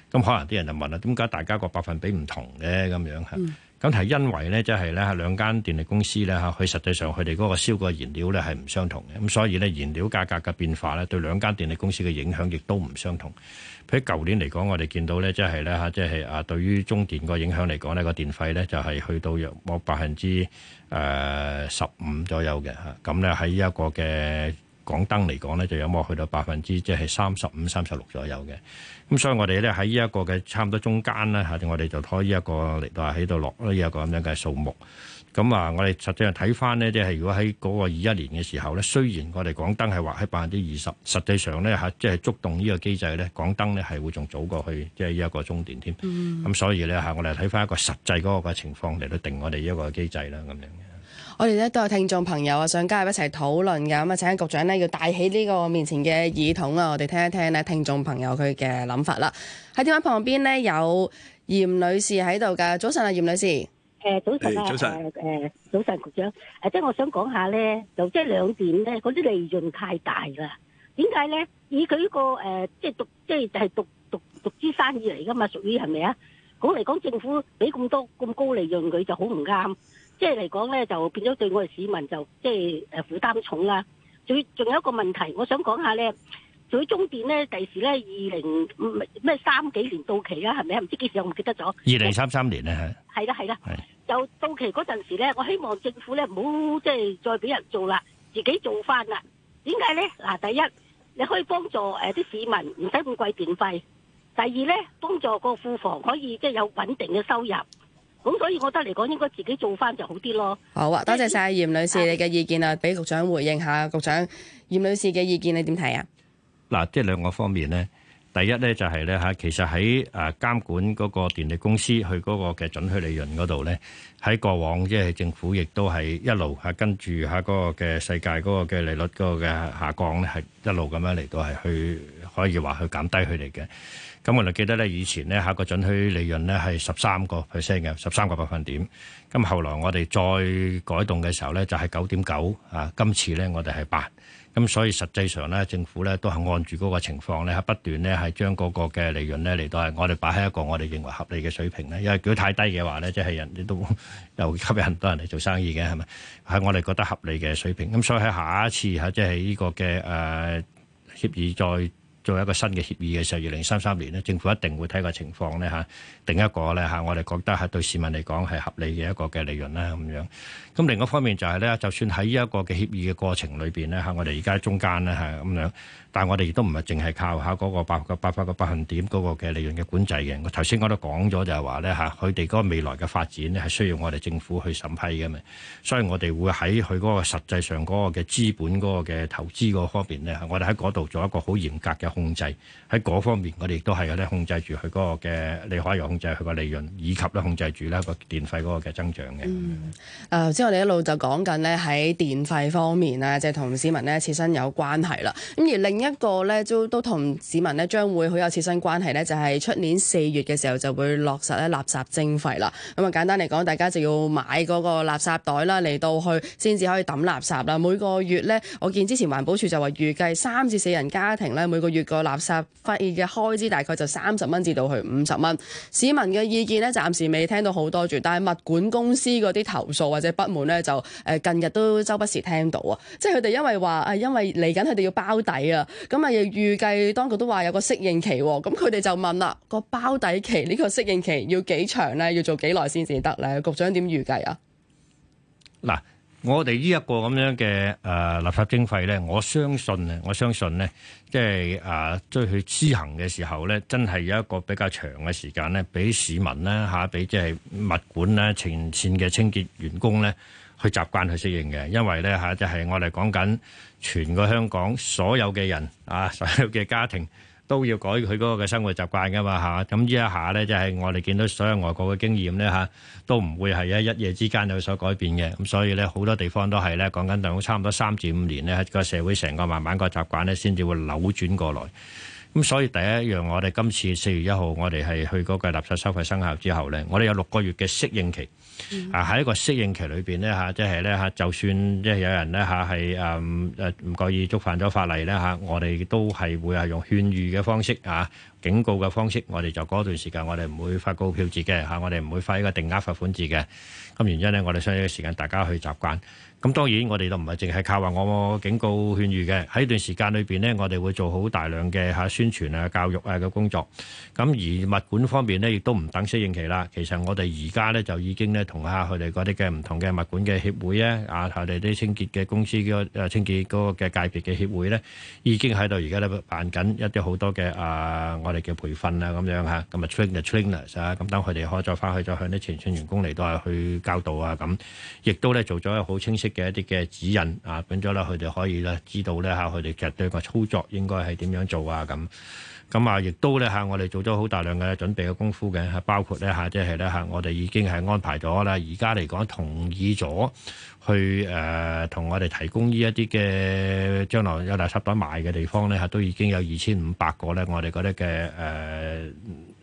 咁可能啲人就問啦，點解大家個百分比唔同嘅咁樣嚇？嗯咁係因為咧，即係咧，兩間電力公司咧嚇，佢實際上佢哋嗰個燒個燃料咧係唔相同嘅，咁所以咧燃料價格嘅變化咧，對兩間電力公司嘅影響亦都唔相同。譬如舊年嚟講，我哋見到咧，即係咧嚇，即係啊，對於中電個影響嚟講呢個電費咧就係去到約莫百分之誒十五左右嘅嚇。咁咧喺呢一個嘅，港燈嚟講咧，就有冇去到百分之即係三十五、三十六左右嘅，咁所以我哋咧喺依一個嘅差唔多中間咧嚇，我哋就拖依一個嚟到喺度落依一個咁樣嘅數目。咁啊，我哋實際上睇翻咧，即係如果喺嗰個二一年嘅時候咧，雖然我哋港燈係劃喺百分之二十，實際上咧嚇，即係觸動依個機制咧，港燈咧係會仲早過去即係依一個終點添。咁所以咧嚇，我哋睇翻一個實際嗰個嘅情況嚟到定我哋依一個機制啦，咁樣嘅。我哋咧都有聽眾朋友啊，想加入一齊討論噶，咁啊，請謝局長咧要戴起呢個面前嘅耳筒啊，我哋聽一聽咧聽眾朋友佢嘅諗法啦。喺電話旁邊咧有嚴女士喺度噶，早晨啊，嚴女士。誒，早晨啊，誒，早晨局長。誒，即係我想講下咧，就即係兩電咧，嗰啲利潤太大啦。點解咧？以佢呢個誒，即係獨，即係係獨獨獨資生意嚟噶嘛，屬於係咪啊？咁嚟講，政府俾咁多咁高利潤，佢就好唔啱。即係嚟講咧，就變咗對我哋市民就即係誒負擔重啦。仲仲有一個問題，我想講下咧，佢中電咧第時咧二零咩三幾年到期啊？係咪啊？唔知幾時我唔記得咗。二零三三年咧，係啦係啦，係就到期嗰陣時咧，我希望政府咧唔好即係再俾人做啦，自己做翻啦。點解咧？嗱，第一你可以幫助誒啲、呃、市民唔使咁貴電費。第二咧，幫助個庫房可以即係有穩定嘅收入。咁所以我覺得嚟講應該自己做翻就好啲咯。好啊，多謝曬嚴女士你嘅意見啊，俾局長回應下。局長，嚴女士嘅意見你點睇啊？嗱，即係兩個方面咧，第一咧就係咧嚇，其實喺誒監管嗰個電力公司去嗰個嘅準許利潤嗰度咧，喺過往即係政府亦都係一路嚇跟住嚇嗰個嘅世界嗰個嘅利率嗰個嘅下降咧，係一路咁樣嚟到係去可以話去減低佢哋嘅。咁我哋記得咧，以前咧，下個準許利潤咧係十三個 percent 嘅，十三個百分點。咁後來我哋再改動嘅時候咧，就係九點九啊。今次咧，我哋係八。咁所以實際上咧，政府咧都係按住嗰個情況咧，不斷咧係將嗰個嘅利潤咧嚟到係我哋擺喺一個我哋認為合理嘅水平咧。因為如果太低嘅話咧，即係人哋都又吸引唔到人嚟做生意嘅，係咪？係我哋覺得合理嘅水平。咁所以喺下一次嚇，即係呢個嘅誒協議再，做一個新嘅協議嘅時候，二零三三年咧，政府一定會睇個情況咧嚇、啊，定一個咧嚇、啊，我哋覺得係對市民嚟講係合理嘅一個嘅利潤啦，咁樣。咁另一方面就係、是、咧，就算喺呢一個嘅協議嘅過程裏邊咧，嚇我哋而家中間咧嚇咁樣，但係我哋亦都唔係淨係靠下嗰個百個百分個百分點嗰個嘅利潤嘅管制嘅。我頭先我都講咗就係話咧嚇，佢哋嗰個未來嘅發展咧係需要我哋政府去審批嘅嘛。所以我哋會喺佢嗰個實際上嗰個嘅資本嗰個嘅投資嗰方面咧，我哋喺嗰度做一個好嚴格嘅控制。喺嗰方面，我哋亦都係有啲控制住佢嗰個嘅你可以控制佢個利潤，以及咧控制住呢個電費嗰個嘅增長嘅。嗯，呃你一路就講緊咧喺電費方面咧，即係同市民咧切身有關係啦。咁而另一個咧，都同市民咧將會好有切身關係咧，就係出年四月嘅時候就會落實咧垃圾徵費啦。咁啊，簡單嚟講，大家就要買嗰個垃圾袋啦，嚟到去先至可以抌垃圾啦。每個月咧，我見之前環保署就話預計三至四人家庭咧，每個月個垃圾費嘅開支大概就三十蚊至到去五十蚊。市民嘅意見咧，暫時未聽到好多住，但係物管公司嗰啲投訴或者不。們咧就誒近日都周不時聽到啊，即係佢哋因為話誒，因為嚟緊佢哋要包底啊，咁啊預計當局都話有個適應期，咁佢哋就問啦，個包底期呢個適應期要幾長咧？要做幾耐先至得咧？局長點預計啊？嗱。我哋、呃、呢一個咁樣嘅誒垃圾徵費咧，我相信咧，我相信咧，即係誒追去執行嘅時候咧，真係有一個比較長嘅時間咧，俾市民啦，嚇、啊，俾即係物管啦、前線嘅清潔員工咧，去習慣去適應嘅，因為咧嚇、啊，就係、是、我哋講緊全個香港所有嘅人啊，所有嘅家庭。都要改佢嗰個嘅生活習慣㗎嘛嚇，咁呢一下咧就係我哋見到所有外國嘅經驗咧嚇，都唔會係喺一夜之間有所改變嘅，咁所以咧好多地方都係咧講緊等，差唔多三至五年咧個社會成個慢慢個習慣咧先至會扭轉過來。咁所以第一樣，我哋今次四月一號，我哋係去嗰個垃圾收費生效之後咧，我哋有六個月嘅適應期。嗯、啊，喺一個適應期裏邊咧嚇，即係咧嚇，就算即係有人咧嚇係誒誒唔覺意觸犯咗法例咧嚇、啊，我哋都係會係用勸喻嘅方式啊。警告嘅方式，我哋就嗰段時間我哋唔會發告票字嘅吓，我哋唔會發一個定額罰款字嘅。咁原因咧，我哋需要時間大家去習慣，咁當然我我，我哋都唔係淨係靠話我警告勸喻嘅。喺段時間裏邊咧，我哋會做好大量嘅吓宣傳啊、教育啊嘅工作。咁而物管方面咧，亦都唔等適應期啦。其實我哋而家咧就已經咧同下佢哋嗰啲嘅唔同嘅物管嘅協會啊，啊佢哋啲清潔嘅公司、啊、個誒清潔嗰個嘅界別嘅協會咧，已經喺度而家咧辦緊一啲好多嘅啊我。嘅培訓啊，咁樣嚇，咁啊 train 啊，咁等佢哋可以再翻去再向啲前線員工嚟到去交道啊，咁亦都咧做咗一個好清晰嘅一啲嘅指引啊，咁咗啦，佢哋可以咧知道咧嚇，佢哋其實對個操作應該係點樣做樣樣啊，咁咁啊，亦都咧嚇，我哋做咗好大量嘅準備嘅功夫嘅，包括咧嚇，即係咧嚇，我哋已經係安排咗啦，而家嚟講同意咗。去誒、呃、同我哋提供呢一啲嘅將來有垃圾袋賣嘅地方咧嚇，都已經有二千五百個咧。我哋嗰啲嘅誒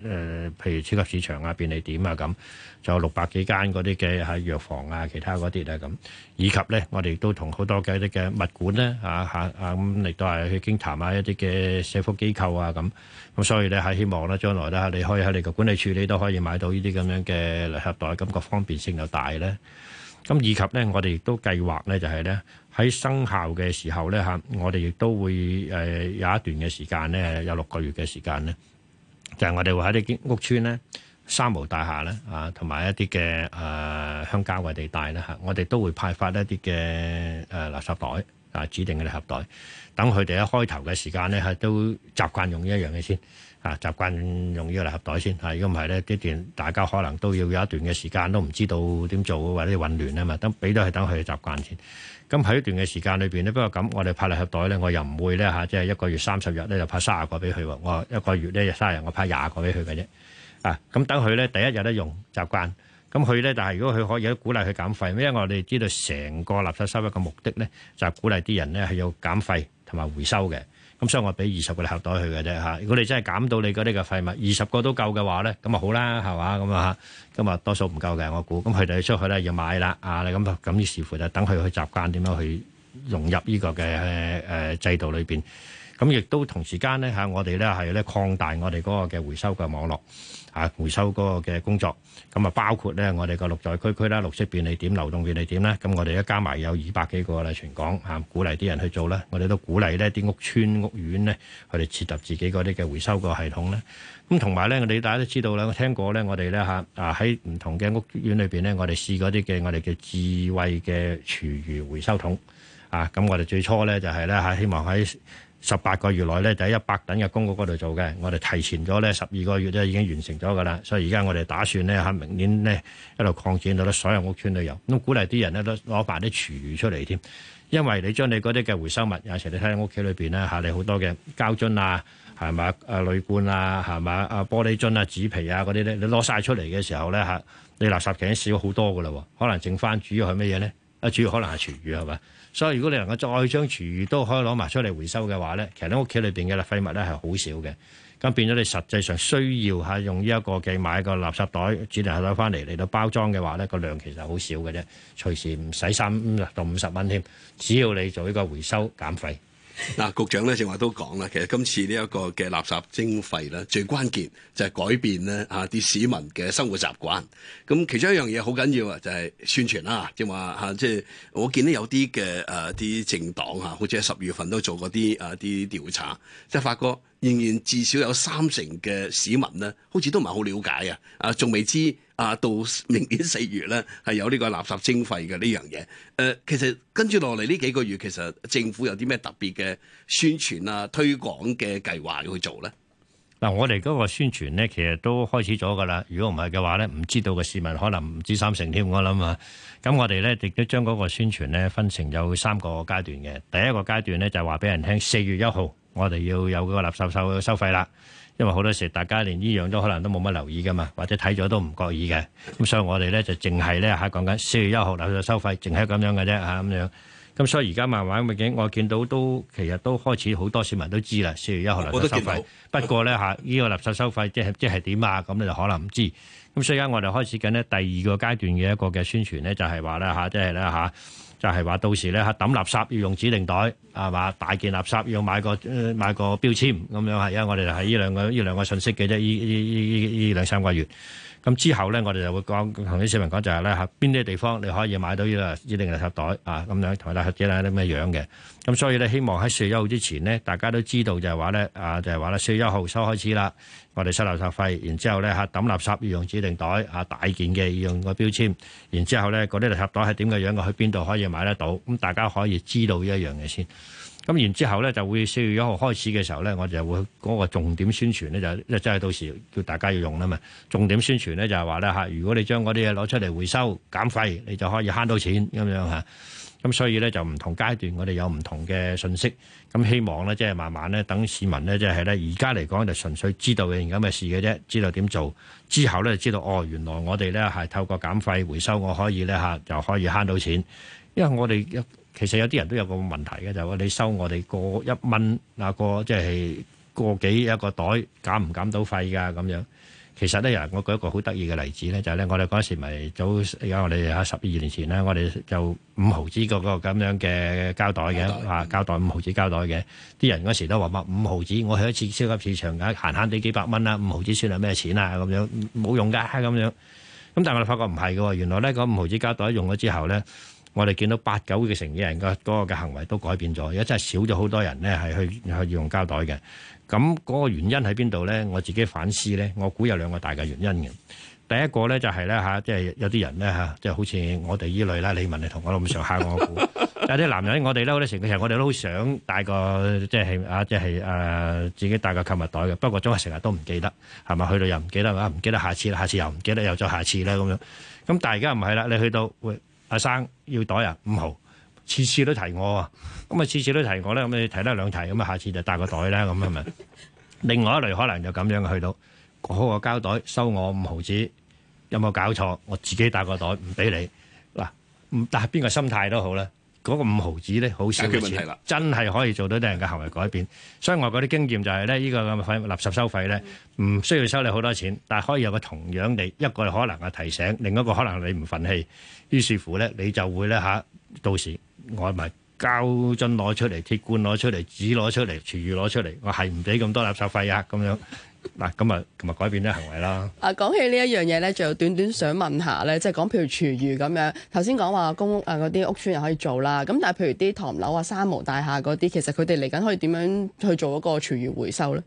誒，譬如超級市場啊、便利店啊咁，就六百幾間嗰啲嘅喺藥房啊、其他嗰啲咧咁，以及咧我哋都同好多嘅一啲嘅物管咧嚇嚇啊咁，亦都係去傾談啊，來來經啊一啲嘅社福機構啊咁。咁所以咧係希望咧將來咧你可以喺你個管理處，你都可以買到呢啲咁樣嘅垃圾袋，咁、嗰個方便性又大咧。咁以及咧，我哋亦都計劃咧，就係咧喺生效嘅時候咧嚇，我哋亦都會誒有一段嘅時間咧，有六個月嘅時間咧，就係、是、我哋會喺啲屋邨咧、三無大廈咧啊，同埋一啲嘅誒鄉郊嘅地帶咧嚇，我哋都會派發一啲嘅誒垃圾袋啊，指定嘅垃圾袋，等佢哋一開頭嘅時間咧係都習慣用呢一樣嘅先。啊！習慣用依個垃圾袋先嚇，如果唔係咧，呢段大家可能都要有一段嘅時間都唔知道點做或者混亂啊嘛。等俾都係等佢習慣先。咁喺一段嘅時間裏邊咧，不過咁我哋派垃圾袋咧，我又唔會咧嚇，即係一個月三十日咧就派卅個俾佢喎。我一個月咧卅日我派廿個俾佢嘅啫。啊，咁等佢咧第一日咧用習慣，咁佢咧但係如果佢可以鼓勵佢減費，因為我哋知道成個垃圾收費嘅目的咧就係鼓勵啲人咧係要減費同埋回收嘅。咁所以我俾二十個盒袋佢嘅啫嚇，如果你真係減到你嗰啲嘅廢物，二十個都夠嘅話咧，咁啊好啦，係嘛咁啊嚇，咁啊多數唔夠嘅我估，咁佢哋出去咧要買啦，啊你咁咁於是乎就等佢去習慣點樣去融入呢個嘅誒制度裏邊。咁亦都同時間咧嚇，我哋咧係咧擴大我哋嗰個嘅回收嘅網絡，啊回收嗰個嘅工作，咁啊包括咧我哋個綠在區區啦、綠色便利點、流動便利點啦，咁我哋一加埋有二百幾個啦，全港嚇鼓勵啲人去做啦，我哋都鼓勵呢啲屋村屋苑咧，佢哋設立自己嗰啲嘅回收個系統咧。咁同埋咧，我哋大家都知道啦，我聽過咧，我哋咧嚇啊喺唔同嘅屋苑裏邊咧，我哋試過啲嘅我哋嘅智慧嘅廚餘回收桶啊，咁我哋最初咧就係咧嚇希望喺十八個月內咧，就係一百等嘅公屋嗰度做嘅。我哋提前咗咧，十二個月咧已經完成咗噶啦。所以而家我哋打算咧，喺明年咧一路擴展到咧所有屋邨都有。咁鼓勵啲人咧都攞翻啲廚餘出嚟添，因為你將你嗰啲嘅回收物，有時你睇屋企裏邊咧嚇，你好多嘅膠樽啊，係嘛，啊鋁罐啊，係嘛，啊玻璃樽啊、紙皮啊嗰啲咧，你攞晒出嚟嘅時候咧嚇，你垃圾其實少好多噶啦。可能剩翻主要係乜嘢咧？啊，主要可能係廚餘係嘛？所以如果你能夠再將廚餘都可以攞埋出嚟回收嘅話咧，其實喺屋企裏邊嘅廢物咧係好少嘅，咁變咗你實際上需要嚇用呢、這個、一個嘅買個垃圾袋，只能係袋翻嚟嚟到包裝嘅話咧，個量其實好少嘅啫，隨時唔使三到五十蚊添，只要你做呢個回收減廢。嗱、啊，局長咧正話都講啦，其實今次呢一個嘅垃圾徵費咧，最關鍵就係改變咧嚇啲市民嘅生活習慣。咁、嗯、其中一樣嘢好緊要啊，就係宣傳啦，正話嚇即係我見到有啲嘅誒啲政黨嚇、啊，好似喺十月份都做過啲啊啲調查，即係發覺，仍然至少有三成嘅市民呢，好似都唔係好了解啊！啊，仲未知啊，到明年四月呢，係有呢個垃圾徵費嘅呢樣嘢。誒、這個啊，其實跟住落嚟呢幾個月，其實政府有啲咩特別嘅宣傳啊、推廣嘅計劃要去做呢？嗱、啊，我哋嗰個宣傳呢，其實都開始咗噶啦。如果唔係嘅話呢，唔知道嘅市民可能唔止三成添，我諗啊。咁我哋呢，亦都將嗰個宣傳呢，分成有三個階段嘅。第一個階段呢，就話、是、俾人聽四月一號我哋要有嗰個垃圾收收費啦，因為好多時大家連呢樣都可能都冇乜留意噶嘛，或者睇咗都唔覺意嘅。咁所以我哋咧就淨係咧嚇講緊四月一號垃、啊、垃圾收費，淨係咁樣嘅啫嚇咁樣。咁所以而家慢慢咪，景，我見到都其實都開始好多市民都知啦。四月一號垃圾收費，不過咧嚇呢，啊呢個垃圾收費即係即係點啊？咁你就可能唔知。咁、啊、所以而家我哋開始緊呢第二個階段嘅一個嘅宣傳咧，就係話咧嚇，即係咧嚇。就係就係話到時咧，抌垃圾要用指定袋，係嘛？大件垃圾要買個買個標籤咁樣係啊！因為我哋就喺依兩個依兩個信息嘅啫，呢依依依兩三個月。咁之後咧，我哋就會講同啲市民講，就係咧嚇，邊啲地方你可以買到依個指定垃圾袋啊咁樣，同埋垃圾紙咧啲咩樣嘅？咁所以咧，希望喺四月一號之前咧，大家都知道就係話咧啊，就係話咧四月一號收開始啦，我哋收垃圾費，然之後咧嚇，抌垃圾要用指定袋啊，大件嘅要用個標籤，然之後咧嗰啲垃圾袋係點嘅樣，我去邊度可以買得到？咁大家可以知道依一樣嘢先。咁然之後咧，就會四月一號開始嘅時候咧，我哋就會嗰個重點宣傳咧，就即係到時叫大家要用啦嘛。重點宣傳咧，就係話咧嚇，如果你將嗰啲嘢攞出嚟回收減廢，你就可以慳到錢咁樣嚇。咁所以咧，就唔同階段我哋有唔同嘅信息。咁希望咧，即係慢慢咧，等市民咧，即係咧，而家嚟講就純粹知道究竟有咩事嘅啫，知道點做之後咧，就知道哦，原來我哋咧係透過減廢回收，我可以咧嚇就可以慳到錢，因為我哋一。其實有啲人都有個問題嘅，就話、是、你收我哋個一蚊啊，個即係個幾一個袋減唔減到廢噶咁樣。其實咧，我舉一個好得意嘅例子咧，就係、是、咧，我哋嗰時咪早有我哋喺十二年前咧，我哋就五毫子嗰個咁樣嘅膠袋嘅袋啊，膠袋五毫子膠袋嘅。啲人嗰時都話五毫子，我去一次超級市場啊，閒閒哋幾百蚊啦，五毫子算係咩錢啊咁樣，冇用噶咁樣。咁但係我哋發覺唔係噶，原來呢嗰五毫子膠袋用咗之後呢。我哋見到八九成嘅人嘅嗰個嘅行為都改變咗，而家真係少咗好多人呢，係去去用膠袋嘅。咁嗰個原因喺邊度呢？我自己反思呢，我估有兩個大嘅原因嘅。第一個呢，就係咧嚇，即、啊、係、就是、有啲人呢，嚇、啊，即、就、係、是、好似我哋依類啦。李文你同我咁上下。我估有啲男人我哋咧好多時，其實我哋都好想帶個即係、就是、啊，即係誒自己帶個購物袋嘅。不過總係成日都唔記得係咪？去到又唔記得，唔、啊、記得下次，下次又唔記得，又再下次咧咁樣。咁但係而家唔係啦，你去到會，喂阿生要袋啊，五毫，次次都提我，啊，咁啊次次都提我咧，咁你提得兩提，咁啊下次就帶個袋啦，咁啊咪。 另外一類可能就咁樣去到，攞個膠袋收我五毫紙，有冇搞錯？我自己帶個袋，唔俾你嗱，唔但係邊個心態都好啦。嗰個五毫紙咧，好少錢，問題真係可以做到啲人嘅行為改變。所以我嗰啲經驗就係、是、咧，呢、這個咁嘅垃圾收費咧，唔需要收你好多錢，但係可以有個同樣地，一個可能係提醒，另一個可能你唔憤氣，於是乎咧，你就會咧吓、啊，到時我咪膠樽攞出嚟，鐵罐攞出嚟，紙攞出嚟，廚餘攞出嚟，我係唔俾咁多垃圾費啊，咁樣。嗱，咁啊，同埋改變啲行為啦。啊，講起呢一樣嘢咧，就短短想問下咧，即係講譬如廚餘咁樣，頭先講話公屋啊嗰啲屋邨又可以做啦。咁但係譬如啲唐樓啊、三無大廈嗰啲，其實佢哋嚟緊可以點樣去做一個廚餘回收咧？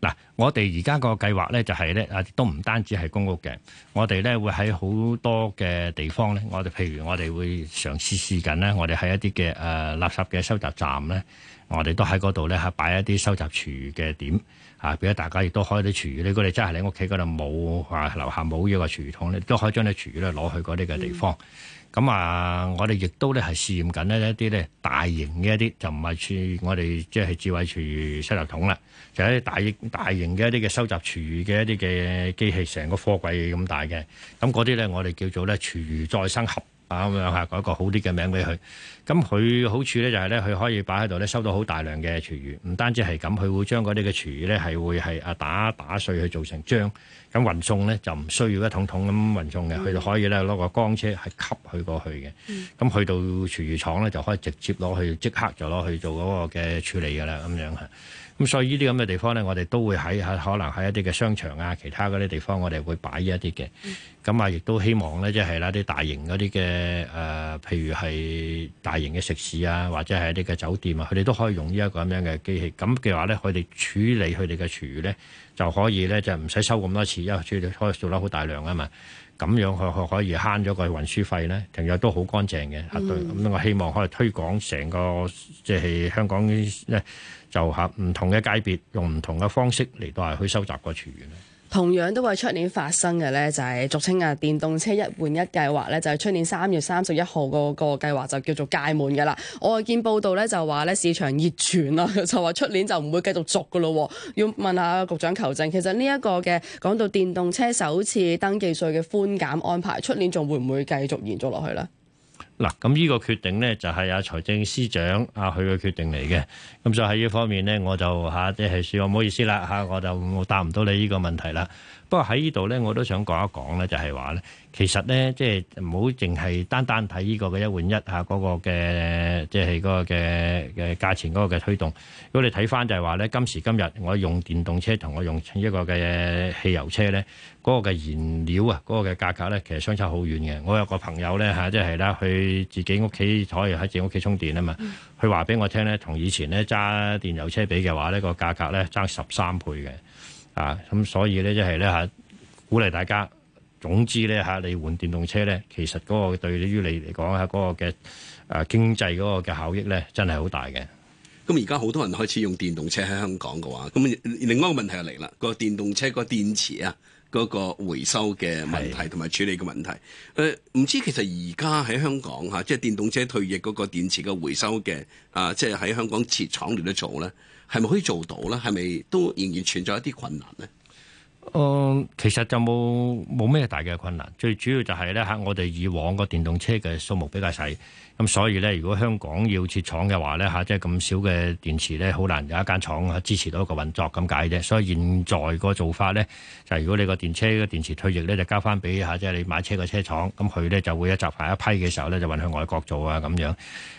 嗱，我哋而家個計劃咧就係咧啊，都唔單止係公屋嘅，我哋咧會喺好多嘅地方咧，我哋譬如我哋會嘗試試緊咧，我哋喺一啲嘅誒垃圾嘅收集站咧，我哋都喺嗰度咧嚇擺一啲收集廚餘嘅點嚇，俾、啊、咗大家亦都開啲廚餘，你如果你真係你屋企嗰度冇話樓下冇嘅廚餘桶咧，你都可以將啲廚餘咧攞去嗰啲嘅地方。嗯咁啊，我哋亦都咧係試驗緊呢一啲咧大，大型嘅一啲就唔係處，我哋即係智慧廚餘收集桶啦，就一啲大型大型嘅一啲嘅收集廚餘嘅一啲嘅機器，成個貨櫃咁大嘅，咁嗰啲咧我哋叫做咧廚餘再生盒。啊咁樣嚇，改個好啲嘅名俾佢。咁佢好處咧就係咧，佢可以擺喺度咧，收到好大量嘅廚餘。唔單止係咁，佢會將嗰啲嘅廚餘咧係會係啊打打碎去做成漿。咁運送咧就唔需要一桶桶咁運送嘅，佢就、嗯、可以咧攞個缸車係吸佢過去嘅。咁、嗯、去到廚餘廠咧就可以直接攞去即刻就攞去做嗰個嘅處理㗎啦。咁樣嚇。咁所以呢啲咁嘅地方咧，我哋都會喺喺可能喺一啲嘅商場啊，其他嗰啲地方我，我哋會擺一啲嘅。咁啊，亦都希望咧，即係啦，啲大型嗰啲嘅誒，譬如係大型嘅食肆啊，或者係一啲嘅酒店啊，佢哋都可以用呢一個咁樣嘅機器。咁嘅話咧，佢哋處理佢哋嘅廚餘咧，就可以咧就唔使收咁多次，因為處理可以做得好大量啊嘛。咁樣，佢可以慳咗個運輸費咧，同樣都好乾淨嘅。咁、嗯啊、我希望可以推廣成個，即係香港咧。就嚇唔同嘅界別，用唔同嘅方式嚟到係去收集個廚餘同樣都會出年發生嘅呢，就係俗稱啊電動車一換一計劃呢就係出年三月三十一號嗰個計劃就叫做屆滿嘅啦。我見報道呢，就話呢市場熱傳啦，就話出年就唔會繼續續嘅咯。要問下局長求證，其實呢一個嘅講到電動車首次登記稅嘅寬減安排，出年仲會唔會繼續延續落去呢？嗱，咁呢個決定咧就係阿財政司長佢嘅決定嚟嘅，咁就喺呢方面咧，我就嚇即係說我唔好意思啦嚇，我就答唔到你呢個問題啦。不過喺呢度咧，我都想講一講咧，就係話咧，其實咧，即係唔好淨係單單睇呢個嘅一換一嚇嗰個嘅，即係個嘅嘅價錢嗰個嘅推動。如果你睇翻就係話咧，今時今日我用電動車同我用一個嘅汽油車咧，嗰個嘅燃料啊，嗰個嘅價格咧，其實相差好遠嘅。我有個朋友咧嚇，即係啦，佢自己屋企可以喺自己屋企充電啊嘛，佢話俾我聽咧，同以前咧揸電油車比嘅話呢，個價格咧爭十三倍嘅。啊，咁所以咧、即係，即係咧吓，鼓勵大家。總之咧吓、啊，你換電動車咧，其實嗰個對於你嚟講吓，嗰、嗰個嘅啊經濟嗰個嘅效益咧，真係好大嘅。咁而家好多人開始用電動車喺香港嘅話，咁另外一個問題就嚟啦，嗰個電動車個電池啊，嗰、嗰個回收嘅問題同埋處理嘅問題。誒是，唔、啊、知其實而家喺香港吓、啊，即係電動車退役嗰個電池嘅回收嘅啊，即係喺香港設廠嚟到做咧？係咪可以做到咧？係咪都仍然存在一啲困難咧？嗯、呃，其實就冇冇咩大嘅困難，最主要就係咧吓，我哋以往個電動車嘅數目比較細。咁、嗯、所以呢，如果香港要設廠嘅話呢，嚇、啊、即係咁少嘅電池呢，好難有一間廠啊支持到一個運作咁解啫。所以現在個做法呢，就係、如果你個電車嘅電池退役呢，就交翻俾嚇即係你買車嘅車廠，咁、啊、佢、嗯、呢就會一集排一批嘅時候呢，就運去外國做啊咁樣。咁、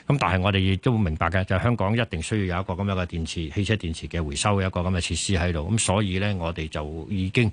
嗯、但係我哋亦都明白嘅，就係、香港一定需要有一個咁樣嘅電池汽車電池嘅回收嘅一個咁嘅設施喺度。咁、嗯、所以呢，我哋就已經。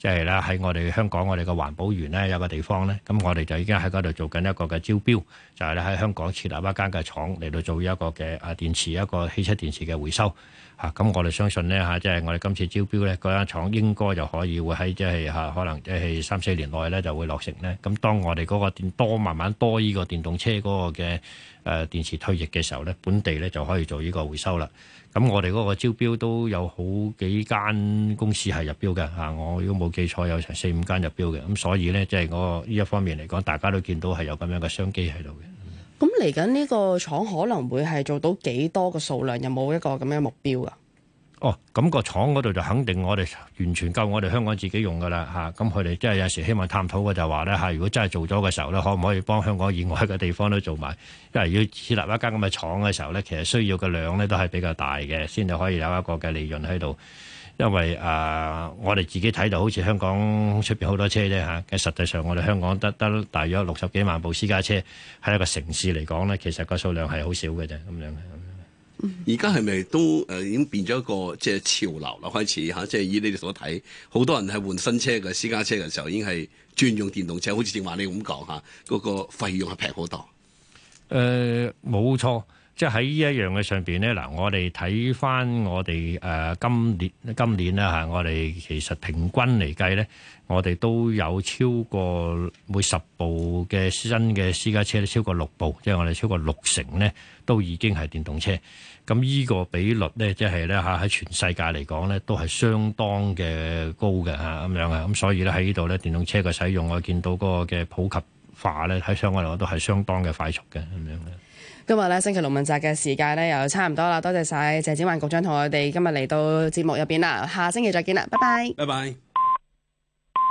即係咧喺我哋香港，我哋嘅環保園咧有個地方咧，咁我哋就已經喺嗰度做緊一個嘅招標，就係咧喺香港設立一間嘅廠嚟到做一個嘅啊電池一個汽車電池嘅回收吓，咁我哋相信咧吓，即係我哋今次招標咧嗰間廠應該就可以會喺即係吓可能即係三四年內咧就會落成咧，咁當我哋嗰個電多慢慢多呢個電動車嗰個嘅誒電池退役嘅時候咧，本地咧就可以做呢個回收啦。咁我哋嗰個招標都有好幾間公司係入標嘅吓，我如果冇記錯有成四五間入標嘅，咁所以咧即係我呢一方面嚟講，大家都見到係有咁樣嘅商機喺度嘅。咁嚟緊呢個廠可能會係做到幾多個數量？有冇一個咁樣目標㗎？哦，咁個廠嗰度就肯定我哋完全夠我哋香港自己用噶啦嚇，咁佢哋即係有時希望探討嘅就話咧嚇，如果真係做咗嘅時候咧，可唔可以幫香港以外嘅地方都做埋？因為要設立一間咁嘅廠嘅時候咧，其實需要嘅量咧都係比較大嘅，先就可以有一個嘅利潤喺度。因為啊，我哋自己睇到好似香港出邊好多車啫嚇，其實實際上我哋香港得得大約六十幾萬部私家車，喺一個城市嚟講咧，其實個數量係好少嘅啫咁樣。而家係咪都誒已經變咗一個即係潮流啦？開始嚇，即係以你哋所睇，好多人係換新車嘅私家車嘅時候，已經係轉用電動車，好似正話你咁講嚇，嗰、啊嗰個費用係平好多。誒、呃，冇錯，即係喺呢一樣嘅上邊呢，嗱，我哋睇翻我哋誒、呃、今年今年咧嚇、啊，我哋其實平均嚟計呢，我哋都有超過每十部嘅新嘅私家車咧，超過六部，即係我哋超過六成呢，都已經係電動車。咁呢個比率呢，即係呢，嚇喺全世界嚟講呢都係相當嘅高嘅嚇咁樣啊！咁所以呢，喺呢度呢，電動車嘅使用我見到嗰個嘅普及化呢，喺相關嚟講都係相當嘅快速嘅咁樣嘅。今日呢，星期六問責嘅時間呢，又差唔多啦，多謝晒，謝展寰局長同我哋今日嚟到節目入邊啦，下星期再見啦，拜拜，拜拜。